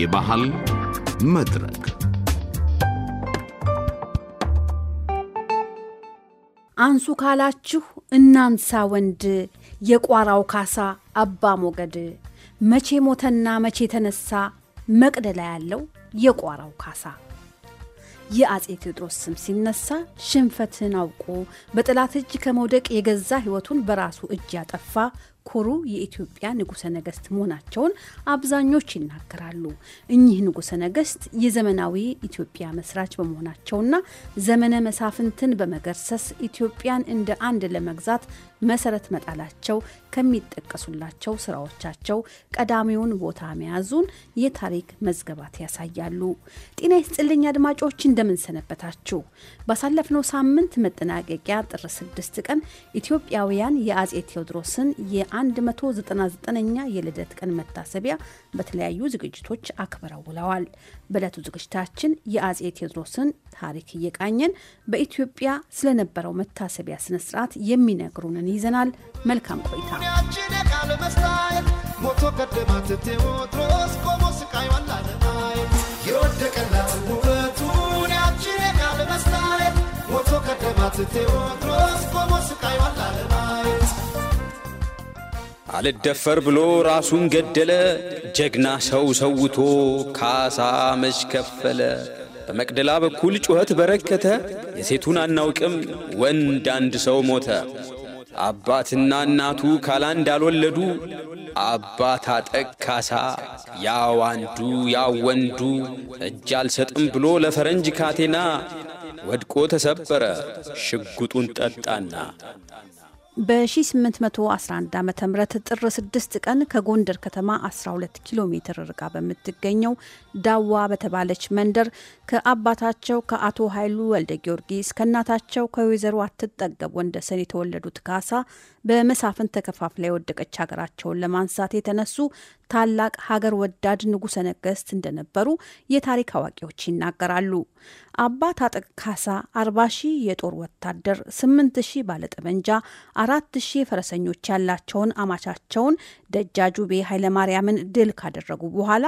የባህል መድረክ አንሱ ካላችሁ እናንሳ ወንድ የቋራው ካሳ አባ ሞገድ መቼ ሞተና መቼ ተነሳ መቅደላ ያለው የቋራው ካሳ የአጼ ቴዎድሮስ ስም ሲነሳ ሽንፈትን አውቆ በጠላት እጅ ከመውደቅ የገዛ ሕይወቱን በራሱ እጅ ያጠፋ ኩሩ የኢትዮጵያ ንጉሠ ነገሥት መሆናቸውን አብዛኞች ይናገራሉ። እኚህ ንጉሠ ነገሥት የዘመናዊ ኢትዮጵያ መስራች በመሆናቸውና ዘመነ መሳፍንትን በመገርሰስ ኢትዮጵያን እንደ አንድ ለመግዛት መሰረት መጣላቸው ከሚጠቀሱላቸው ስራዎቻቸው ቀዳሚውን ቦታ መያዙን የታሪክ መዝገባት ያሳያሉ። ጤና ይስጥልኝ አድማጮች፣ እንደምንሰነበታችሁ። ባሳለፍነው ሳምንት መጠናቀቂያ ጥር 6 ቀን ኢትዮጵያውያን የአጼ ቴዎድሮስን 199ኛ የልደት ቀን መታሰቢያ በተለያዩ ዝግጅቶች አክብረው ውለዋል። በዕለቱ ዝግጅታችን የአጼ ቴዎድሮስን ታሪክ እየቃኘን በኢትዮጵያ ስለነበረው መታሰቢያ ስነ ስርዓት የሚነግሩንን ይዘናል። መልካም ቆይታ። ሞቶ ቴዎድሮስ ቆሞ አልደፈር ብሎ ራሱን ገደለ። ጀግና ሰው ሰውቶ ካሳ መች ከፈለ። በመቅደላ በኩል ጩኸት በረከተ። የሴቱን አናውቅም ወንድ አንድ ሰው ሞተ። አባትና እናቱ ካላ እንዳልወለዱ አባት አጠቅ ካሳ ያው አንዱ ያው ወንዱ እጅ አልሰጥም ብሎ ለፈረንጅ ካቴና ወድቆ ተሰበረ ሽጉጡን ጠጣና በ1811 ዓ ም ጥር 6 ቀን ከጎንደር ከተማ 12 ኪሎ ሜትር ርቃ በምትገኘው ዳዋ በተባለች መንደር ከአባታቸው ከአቶ ኃይሉ ወልደ ጊዮርጊስ ከእናታቸው ከወይዘሮ አትጠገብ ሰን የተወለዱት ካሳ በመሳፍን ተከፋፍላ የወደቀች ሀገራቸውን ለማንሳት የተነሱ ታላቅ ሀገር ወዳድ ንጉሠ ነገሥት እንደነበሩ የታሪክ አዋቂዎች ይናገራሉ። አባ ታጠቅ ካሳ 40 ሺህ የጦር ወታደር፣ 8 ሺህ ባለጠመንጃ፣ 4 ሺህ ፈረሰኞች ያላቸውን አማቻቸውን ደጃጁቤ ኃይለማርያምን ድል ካደረጉ በኋላ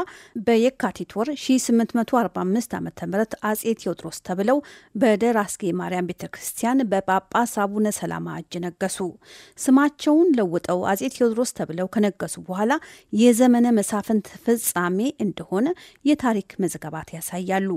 በየካቲት ወር 1845 ዓ ም አጼ ቴዎድሮስ ተብለው በደራስጌ ማርያም ቤተ ክርስቲያን በጳጳስ አቡነ ሰላማ እጅ ነገሱ። ስማቸውን ለውጠው አጼ ቴዎድሮስ ተብለው ከነገሱ በኋላ የዘመነ መሳፍንት ፍጻሜ እንደሆነ የታሪክ መዘገባት ያሳያሉ።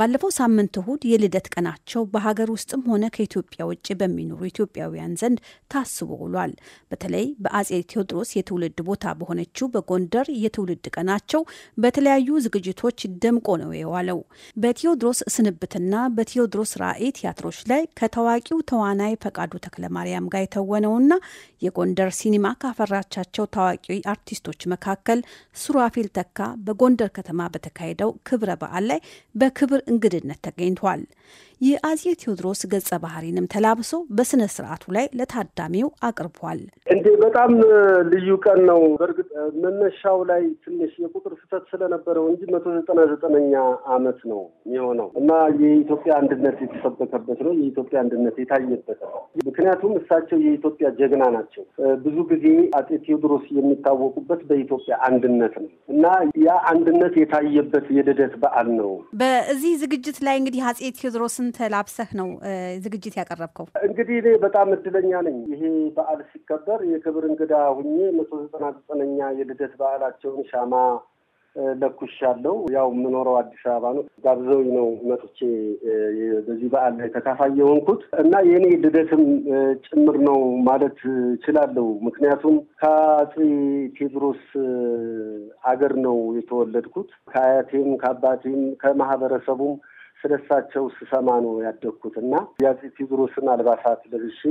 ባለፈው ሳምንት ትናንት እሁድ የልደት ቀናቸው በሀገር ውስጥም ሆነ ከኢትዮጵያ ውጭ በሚኖሩ ኢትዮጵያውያን ዘንድ ታስቦ ውሏል። በተለይ በአጼ ቴዎድሮስ የትውልድ ቦታ በሆነችው በጎንደር የትውልድ ቀናቸው በተለያዩ ዝግጅቶች ደምቆ ነው የዋለው። በቴዎድሮስ ስንብትና በቴዎድሮስ ራዕይ ቲያትሮች ላይ ከታዋቂው ተዋናይ ፈቃዱ ተክለማርያም ጋር የተወነውና የጎንደር ሲኒማ ካፈራቻቸው ታዋቂ አርቲስቶች መካከል ሱራፊል ተካ በጎንደር ከተማ በተካሄደው ክብረ በዓል ላይ በክብር እንግድነት ተገኝቷል። የአጼ ቴዎድሮስ ገጸ ባህሪንም ተላብሶ በስነ ስርዓቱ ላይ ለታዳሚው አቅርቧል። እንዴ በጣም ልዩ ቀን ነው። በእርግጥ መነሻው ላይ ትንሽ የቁጥር ስህተት ስለነበረው እንጂ መቶ ዘጠና ዘጠነኛ አመት ነው የሆነው እና የኢትዮጵያ አንድነት የተሰበከበት ነው። የኢትዮጵያ አንድነት የታየበት ነው። ምክንያቱም እሳቸው የኢትዮጵያ ጀግና ናቸው። ብዙ ጊዜ አጼ ቴዎድሮስ የሚታወቁበት በኢትዮጵያ አንድነት ነው እና ያ አንድነት የታየበት የልደት በዓል ነው። በዚህ ዝግጅት ላይ እንግዲህ አጼ ቴዎድሮስን ተላብሰህ ነው ዝግጅት ያቀረብከው። እንግዲህ እኔ በጣም እድለኛ ነኝ። ይሄ በዓል ሲከበር የክብር እንግዳ ሁኜ መቶ ዘጠና ዘጠነኛ የልደት በዓላቸውን ሻማ ለኩሻለሁ። ያው የምኖረው አዲስ አበባ ነው። ጋብዘውኝ ነው መጥቼ በዚህ በዓል ላይ ተካፋይ የሆንኩት እና የእኔ ልደትም ጭምር ነው ማለት እችላለሁ። ምክንያቱም ከአፄ ቴዎድሮስ አገር ነው የተወለድኩት። ከአያቴም፣ ከአባቴም፣ ከማህበረሰቡም ስለሳቸው ስሰማ ነው ያደግኩት እና የአፄ ቴዎድሮስን አልባሳት ለብሼ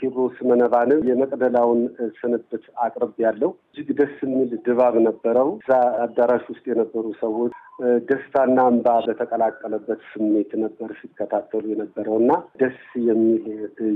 ቴዎድሮስ መነባንም የመቅደላውን ስንብት አቅርብ ያለው እጅግ ደስ የሚል ድባብ ነበረው። እዛ አዳራሽ ውስጥ የነበሩ ሰዎች ደስታና እንባ በተቀላቀለበት ስሜት ነበር ሲከታተሉ የነበረው እና ደስ የሚል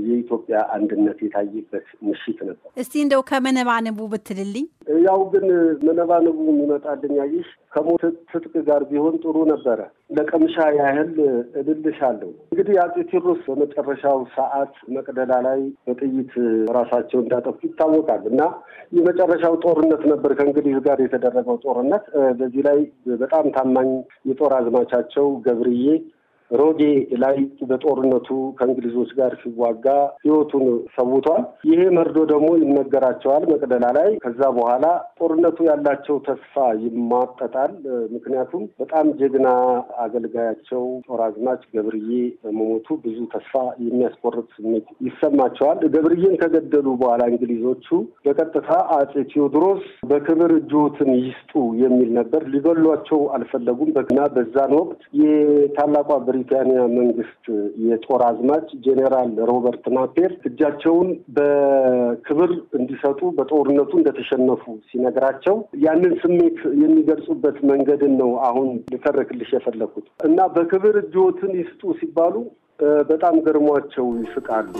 የኢትዮጵያ አንድነት የታየበት ምሽት ነበር። እስቲ እንደው ከመነባንቡ ብትልልኝ። ያው ግን መነባነቡ የሚመጣልኝ አየሽ ከሞት ትጥቅ ጋር ቢሆን ጥሩ ነበረ። ለቀምሻ ያህል እልልሻለሁ። እንግዲህ አጼ ቴዎድሮስ በመጨረሻው ሰዓት መቅደላ ላይ በጥይት ራሳቸው እንዳጠፉ ይታወቃል እና የመጨረሻው ጦርነት ነበር ከእንግሊዝ ጋር የተደረገው ጦርነት። በዚህ ላይ በጣም ታ ታማኝ የጦር አዝማቻቸው ገብርዬ ሮጌ ላይ በጦርነቱ ከእንግሊዞች ጋር ሲዋጋ ህይወቱን ሰውቷል። ይሄ መርዶ ደግሞ ይነገራቸዋል መቅደላ ላይ። ከዛ በኋላ ጦርነቱ ያላቸው ተስፋ ይሟጠጣል። ምክንያቱም በጣም ጀግና አገልጋያቸው ጦር አዝማች ገብርዬ በመሞቱ ብዙ ተስፋ የሚያስቆርጥ ስሜት ይሰማቸዋል። ገብርዬን ከገደሉ በኋላ እንግሊዞቹ በቀጥታ አጼ ቴዎድሮስ በክብር እጆትን ይስጡ የሚል ነበር። ሊገሏቸው አልፈለጉም እና በዛን ወቅት የታላቋ ብሪ የብሪታንያ መንግስት የጦር አዝማች ጄኔራል ሮበርት ናፔር እጃቸውን በክብር እንዲሰጡ በጦርነቱ እንደተሸነፉ ሲነግራቸው ያንን ስሜት የሚገልጹበት መንገድን ነው አሁን ልተርክልሽ የፈለኩት እና በክብር እጅዎትን ይስጡ ሲባሉ በጣም ገርሟቸው ይስቃሉ።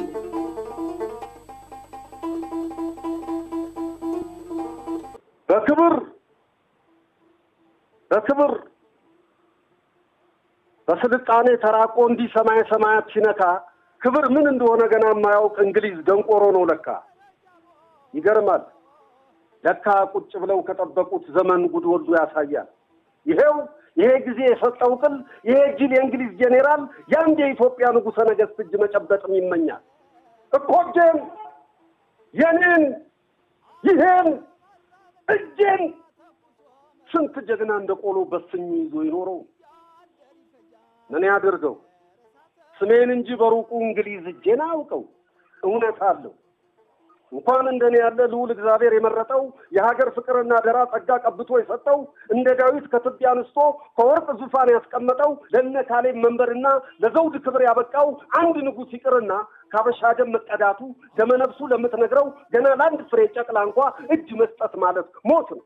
በክብር በክብር በስልጣኔ ተራቆ እንዲህ ሰማይ ሰማያት ሲነካ ክብር ምን እንደሆነ ገና የማያውቅ እንግሊዝ ደንቆሮ ነው ለካ። ይገርማል ለካ ቁጭ ብለው ከጠበቁት ዘመን ጉድ ወልዶ ያሳያል። ይሄው ይሄ ጊዜ የሰጠው ቅል ይሄ ጅል የእንግሊዝ ጄኔራል ያንድ የኢትዮጵያ ንጉሠ ነገሥት እጅ መጨበጥም ይመኛል። እኮጄን፣ የኔን፣ ይሄን እጄን ስንት ጀግና እንደ ቆሎ በስኝ ይዞ ይኖረው ምን ያደርገው ስሜን እንጂ በሩቁ እንግሊዝ እጄን አውቀው እውነት አለው። እንኳን እንደኔ ያለ ልዑል እግዚአብሔር የመረጠው የሀገር ፍቅርና ደራ ጸጋ ቀብቶ የሰጠው እንደ ዳዊት ከትቢያ አንስቶ ከወርቅ ዙፋን ያስቀመጠው ለነ ካሌብ መንበርና ለዘውድ ክብር ያበቃው አንድ ንጉሥ ይቅርና ካበሻ ደም መቀዳቱ ደመነፍሱ ለምትነግረው ገና ለአንድ ፍሬ ጨቅላ እንኳ እጅ መስጠት ማለት ሞት ነው።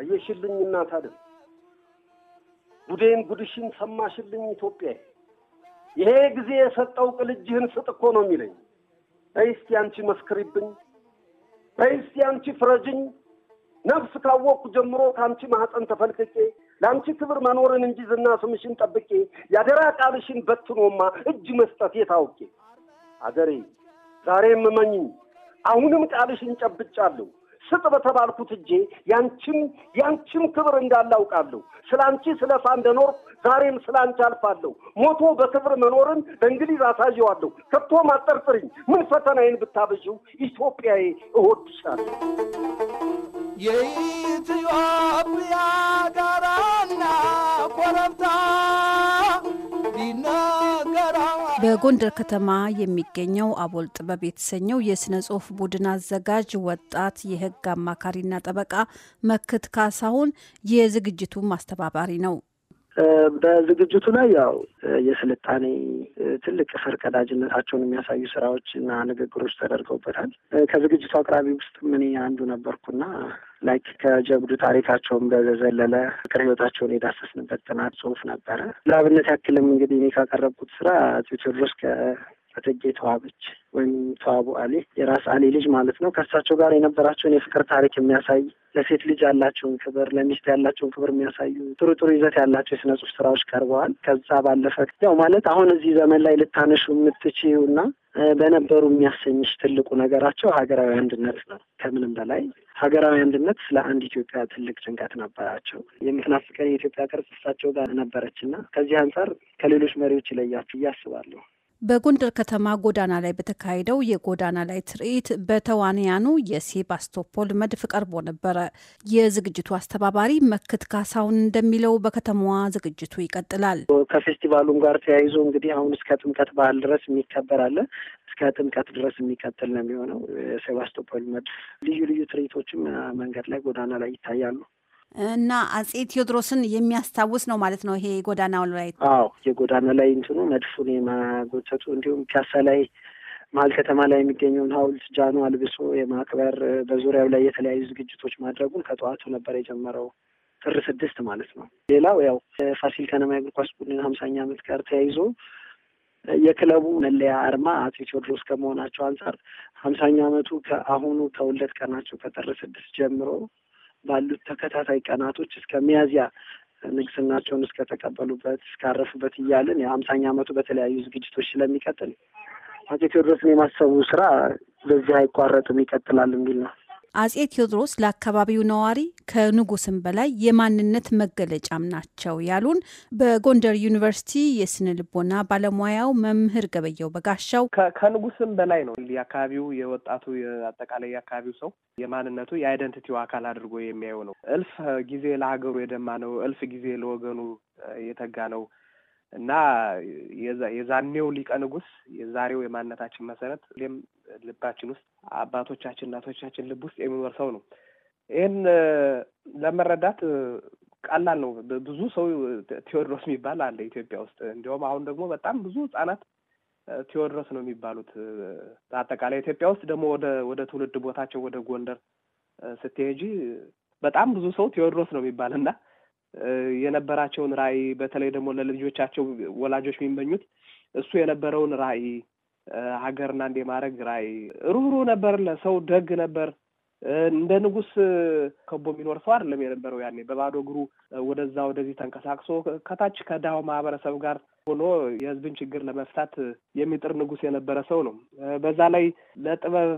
አየሽልኝ እናት ጉዴን ጉድሽን ሰማሽልኝ ኢትዮጵያ፣ ይሄ ጊዜ የሰጠው ቅልጅህን ስጥ እኮ ነው የሚለኝ። በይስቲ አንቺ መስክሪብኝ፣ በይስቲ አንቺ ፍረጅኝ። ነፍስ ካወቅኩ ጀምሮ ከአንቺ ማህፀን ተፈልቅቄ ለአንቺ ክብር መኖርን እንጂ ዝና ስምሽን ጠብቄ የአደራ ቃልሽን በትኖማ እጅ መስጠት የታውቄ አገሬ ዛሬም እመኝኝ አሁንም ቃልሽን ጨብጫለሁ። ስጥ በተባልኩት እጄ ያንቺም ያንቺም ክብር እንዳላውቃለሁ ስለ አንቺ ስለፋ እንደኖር ዛሬም ስለ አንቺ አልፋለሁ። ሞቶ በክብር መኖርን በእንግሊዝ አሳየዋለሁ። ከቶ ማጠርጥርኝ ምን ፈተናዬን ብታበዥው ኢትዮጵያዬ እወድሻለሁ። የኢትዮጵያ ጋራና ኮረብታ በጎንደር ከተማ የሚገኘው አቦል ጥበብ የተሰኘው የሥነ ጽሑፍ ቡድን አዘጋጅ ወጣት የህግ አማካሪና ጠበቃ መክት ካሳሁን የዝግጅቱ ማስተባባሪ ነው። በዝግጅቱ ላይ ያው የስልጣኔ ትልቅ ፈርቀዳጅነታቸውን የሚያሳዩ ስራዎች እና ንግግሮች ተደርገውበታል። ከዝግጅቱ አቅራቢ ውስጥ ምን አንዱ ነበርኩና ላይክ ከጀብዱ ታሪካቸውም በዘለለ ፍቅር ህይወታቸውን የዳሰስንበት ጥናት ጽሁፍ ነበረ። ለአብነት ያክልም እንግዲህ እኔ ካቀረብኩት ስራ ቴዎድሮስ እቴጌ ተዋበች ወይም ተዋቡ አሊ የራስ አሊ ልጅ ማለት ነው። ከእሳቸው ጋር የነበራቸውን የፍቅር ታሪክ የሚያሳይ ለሴት ልጅ ያላቸውን ክብር፣ ለሚስት ያላቸውን ክብር የሚያሳዩ ጥሩ ጥሩ ይዘት ያላቸው የስነ ጽሁፍ ስራዎች ቀርበዋል። ከዛ ባለፈ ያው ማለት አሁን እዚህ ዘመን ላይ ልታነሹ የምትችይው እና በነበሩ የሚያሰኝሽ ትልቁ ነገራቸው ሀገራዊ አንድነት ነው። ከምንም በላይ ሀገራዊ አንድነት ስለ አንድ ኢትዮጵያ ትልቅ ጭንቀት ነበራቸው። የምትናፍቀን የኢትዮጵያ ቅርጽ እሳቸው ጋር ነበረች እና ከዚህ አንጻር ከሌሎች መሪዎች ይለያችሁ እያስባለሁ። በጎንደር ከተማ ጎዳና ላይ በተካሄደው የጎዳና ላይ ትርኢት በተዋንያኑ የሴባስቶፖል መድፍ ቀርቦ ነበረ። የዝግጅቱ አስተባባሪ መክት ካሳውን እንደሚለው በከተማዋ ዝግጅቱ ይቀጥላል። ከፌስቲቫሉም ጋር ተያይዞ እንግዲህ አሁን እስከ ጥምቀት በዓል ድረስ የሚከበር እስከ ጥምቀት ድረስ የሚቀጥል ነው የሚሆነው። የሴባስቶፖል መድፍ ልዩ ልዩ ትርኢቶችም መንገድ ላይ ጎዳና ላይ ይታያሉ። እና አጼ ቴዎድሮስን የሚያስታውስ ነው ማለት ነው። ይሄ የጎዳና ላይ አዎ፣ የጎዳና ላይ እንትኑ መድፉን የማጎተቱ እንዲሁም ፒያሳ ላይ መሀል ከተማ ላይ የሚገኘውን ሐውልት ጃኖ አልብሶ የማክበር በዙሪያው ላይ የተለያዩ ዝግጅቶች ማድረጉን ከጠዋቱ ነበር የጀመረው ጥር ስድስት ማለት ነው። ሌላው ያው ፋሲል ከነማ የእግር ኳስ ቡድን ሀምሳኛ ዓመት ጋር ተያይዞ የክለቡ መለያ አርማ አጼ ቴዎድሮስ ከመሆናቸው አንጻር ሀምሳኛ ዓመቱ ከአሁኑ ከሁለት ቀናቸው ከጥር ስድስት ጀምሮ ባሉት ተከታታይ ቀናቶች እስከ ሚያዝያ ንግስናቸውን እስከተቀበሉበት እስካረፉበት እያለን የሀምሳኛ ዓመቱ በተለያዩ ዝግጅቶች ስለሚቀጥል አፄ ቴዎድሮስን የማሰቡ ስራ በዚህ አይቋረጥም ይቀጥላል የሚል ነው። አጼ ቴዎድሮስ ለአካባቢው ነዋሪ ከንጉስም በላይ የማንነት መገለጫም ናቸው ያሉን በጎንደር ዩኒቨርሲቲ የስነ ልቦና ባለሙያው መምህር ገበየው በጋሻው ከንጉስም በላይ ነው የአካባቢው የወጣቱ አጠቃላይ የአካባቢው ሰው የማንነቱ የአይደንቲቲው አካል አድርጎ የሚያየው ነው። እልፍ ጊዜ ለሀገሩ የደማ ነው። እልፍ ጊዜ ለወገኑ የተጋ ነው እና የዛኔው ሊቀ ንጉስ የዛሬው የማንነታችን መሰረት ልባችን ውስጥ አባቶቻችን፣ እናቶቻችን ልብ ውስጥ የሚኖር ሰው ነው። ይህን ለመረዳት ቀላል ነው። ብዙ ሰው ቴዎድሮስ የሚባል አለ ኢትዮጵያ ውስጥ። እንዲሁም አሁን ደግሞ በጣም ብዙ ህጻናት ቴዎድሮስ ነው የሚባሉት። በአጠቃላይ ኢትዮጵያ ውስጥ ደግሞ ወደ ወደ ትውልድ ቦታቸው ወደ ጎንደር ስትሄጂ በጣም ብዙ ሰው ቴዎድሮስ ነው የሚባል እና የነበራቸውን ራዕይ በተለይ ደግሞ ለልጆቻቸው ወላጆች የሚመኙት እሱ የነበረውን ራዕይ ሀገርና እንዴ ማድረግ ራይ ሩህሩ ነበር። ለሰው ደግ ነበር። እንደ ንጉስ ከቦ የሚኖር ሰው አይደለም የነበረው። ያኔ በባዶ እግሩ ወደዛ ወደዚህ ተንቀሳቅሶ ከታች ከዳው ማህበረሰብ ጋር ሆኖ የህዝብን ችግር ለመፍታት የሚጥር ንጉስ የነበረ ሰው ነው። በዛ ላይ ለጥበብ፣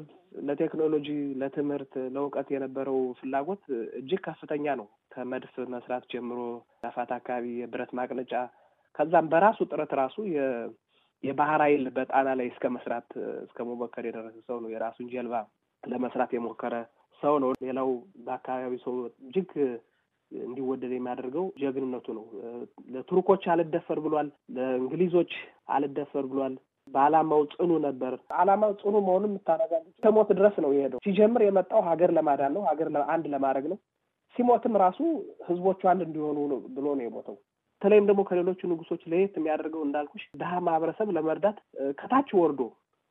ለቴክኖሎጂ፣ ለትምህርት፣ ለእውቀት የነበረው ፍላጎት እጅግ ከፍተኛ ነው። ከመድፍ መስራት ጀምሮ ዳፋት አካባቢ የብረት ማቅለጫ ከዛም በራሱ ጥረት ራሱ የባህር ኃይል በጣና ላይ እስከ መስራት እስከ መሞከር የደረሰ ሰው ነው። የራሱን ጀልባ ለመስራት የሞከረ ሰው ነው። ሌላው በአካባቢ ሰው እጅግ እንዲወደድ የሚያደርገው ጀግንነቱ ነው። ለቱርኮች አልደፈር ብሏል። ለእንግሊዞች አልደፈር ብሏል። በዓላማው ጽኑ ነበር። ዓላማው ጽኑ መሆኑን የምታረጋ ከሞት ድረስ ነው የሄደው። ሲጀምር የመጣው ሀገር ለማዳን ነው፣ ሀገር አንድ ለማድረግ ነው። ሲሞትም ራሱ ህዝቦቹ አንድ እንዲሆኑ ብሎ ነው የሞተው። በተለይም ደግሞ ከሌሎቹ ንጉሶች ለየት የሚያደርገው እንዳልኩሽ ድሀ ማህበረሰብ ለመርዳት ከታች ወርዶ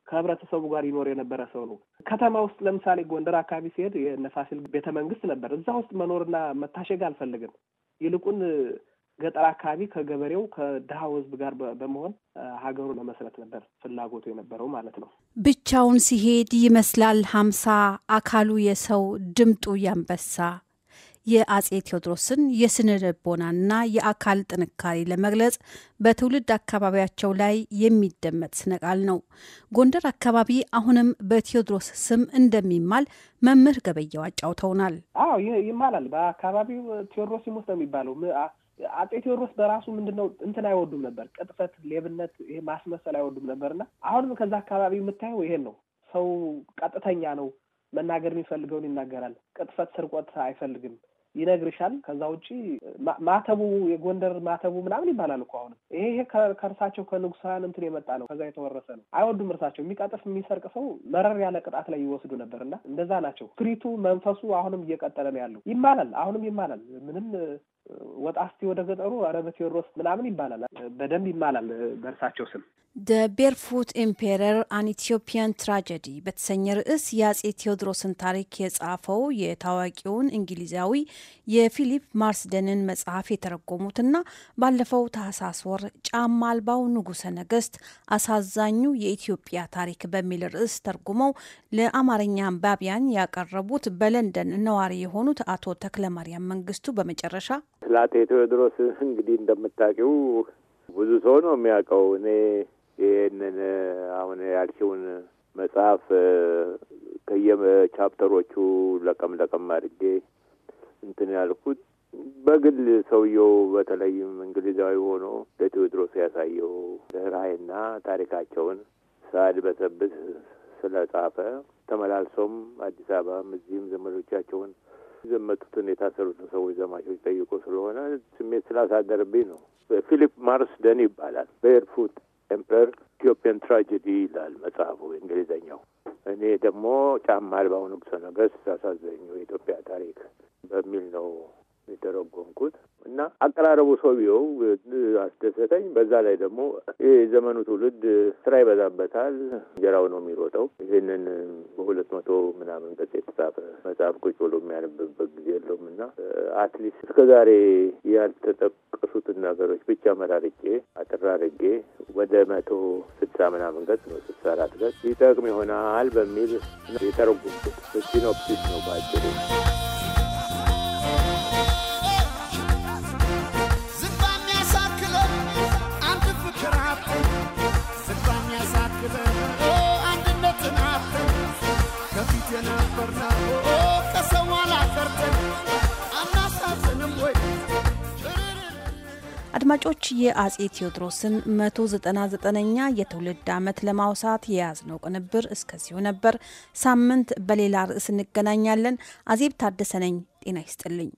ከህብረተሰቡ ጋር ይኖር የነበረ ሰው ነው። ከተማ ውስጥ ለምሳሌ ጎንደር አካባቢ ሲሄድ የነፋሲል ቤተ መንግስት ነበር። እዛ ውስጥ መኖርና መታሸግ አልፈልግም። ይልቁን ገጠር አካባቢ ከገበሬው ከድሃው ህዝብ ጋር በመሆን ሀገሩ ለመስረት ነበር ፍላጎቱ የነበረው ማለት ነው። ብቻውን ሲሄድ ይመስላል ሀምሳ አካሉ የሰው ድምጡ ያንበሳ የአጼ ቴዎድሮስን የስነ ልቦናና የአካል ጥንካሬ ለመግለጽ በትውልድ አካባቢያቸው ላይ የሚደመጥ ስነቃል ነው። ጎንደር አካባቢ አሁንም በቴዎድሮስ ስም እንደሚማል መምህር ገበየው አጫውተውናል። አዎ ይማላል። በአካባቢው ቴዎድሮስ ይሙት ነው የሚባለው። አጤ ቴዎድሮስ በራሱ ምንድነው እንትን አይወዱም ነበር፣ ቅጥፈት፣ ሌብነት፣ ይሄ ማስመሰል አይወዱም ነበርና አሁንም ከዛ አካባቢ የምታየው ይሄን ነው። ሰው ቀጥተኛ ነው። መናገር የሚፈልገውን ይናገራል። ቅጥፈት፣ ስርቆት አይፈልግም። ይነግርሻል። ከዛ ውጭ ማተቡ የጎንደር ማተቡ ምናምን ይባላል እኮ አሁንም ይሄ ከእርሳቸው ከንጉሳን እንትን የመጣ ነው። ከዛ የተወረሰ ነው። አይወዱም እርሳቸው። የሚቀጥፍ የሚሰርቅ ሰው መረር ያለ ቅጣት ላይ ይወስዱ ነበር እና እንደዛ ናቸው። ፍሪቱ መንፈሱ አሁንም እየቀጠለ ነው ያለው። ይማላል፣ አሁንም ይማላል። ምንም ወጣስቲ ወደ ገጠሩ አረበ ቴዎድሮስ ምናምን ይባላል። በደንብ ይማላል በእርሳቸው ስም። ደ ቤርፉት ኢምፔረር አን ኢትዮፒያን ትራጀዲ በተሰኘ ርዕስ የአጼ ቴዎድሮስን ታሪክ የጻፈው የታዋቂውን እንግሊዛዊ የፊሊፕ ማርስደንን መጽሐፍ የተረጎሙትና ባለፈው ታህሳስ ወር ጫማ አልባው ንጉሰ ነገስት አሳዛኙ የኢትዮጵያ ታሪክ በሚል ርዕስ ተርጉመው ለአማርኛ አንባቢያን ያቀረቡት በለንደን ነዋሪ የሆኑት አቶ ተክለማርያም መንግስቱ በመጨረሻ አጤ ቴዎድሮስ እንግዲህ እንደምታውቂው ብዙ ሰው ነው የሚያውቀው። እኔ ይህንን አሁን ያልሽውን መጽሐፍ ከየቻፕተሮቹ ለቀም ለቀም አድርጌ እንትን ያልኩት በግል ሰውየው በተለይም እንግሊዛዊ ሆኖ ለቴዎድሮስ ያሳየው ርኅራኄና ታሪካቸውን ሳድ ሳልበሰብስ ስለጻፈ ተመላልሶም አዲስ አበባም እዚህም ዘመዶቻቸውን የዘመቱትን የታሰሩትን ሰዎች ዘማቾች ጠይቆ ስለሆነ ስሜት ስላሳደርብኝ ነው። ፊሊፕ ደን ይባላል። ቤርፉት ኤምፐር ኢትዮጵያን ትራጀዲ ይላል መጽሐፉ እንግሊዘኛው። እኔ ደግሞ ጫማ አልባው ንጉሠ ነገሥት አሳዘኙ የኢትዮጵያ ታሪክ በሚል ነው የተረጎምኩት እና አቀራረቡ ሰው ሰውየው አስደሰተኝ። በዛ ላይ ደግሞ የዘመኑ ትውልድ ስራ ይበዛበታል፣ እንጀራው ነው የሚሮጠው። ይህንን በሁለት መቶ ምናምን ገጽ የተጻፈ መጽሐፍ ቁጭ ብሎ የሚያነብበት ጊዜ የለውም እና አትሊስት እስከ ዛሬ ያልተጠቀሱትን ነገሮች ብቻ መራርጬ አጥራርጌ ወደ መቶ ስድሳ ምናምን ገጽ ነው ስድሳ አራት ገጽ ይጠቅም ይሆናል በሚል የተረጎምኩት ሲኖፕሲስ ነው ባጭሩ። አድማጮች የአጼ ቴዎድሮስን 199ኛ የትውልድ ዓመት ለማውሳት የያዝነው ቅንብር እስከዚሁ ነበር። ሳምንት በሌላ ርዕስ እንገናኛለን። አዜብ ታደሰ ነኝ። ጤና ይስጥልኝ።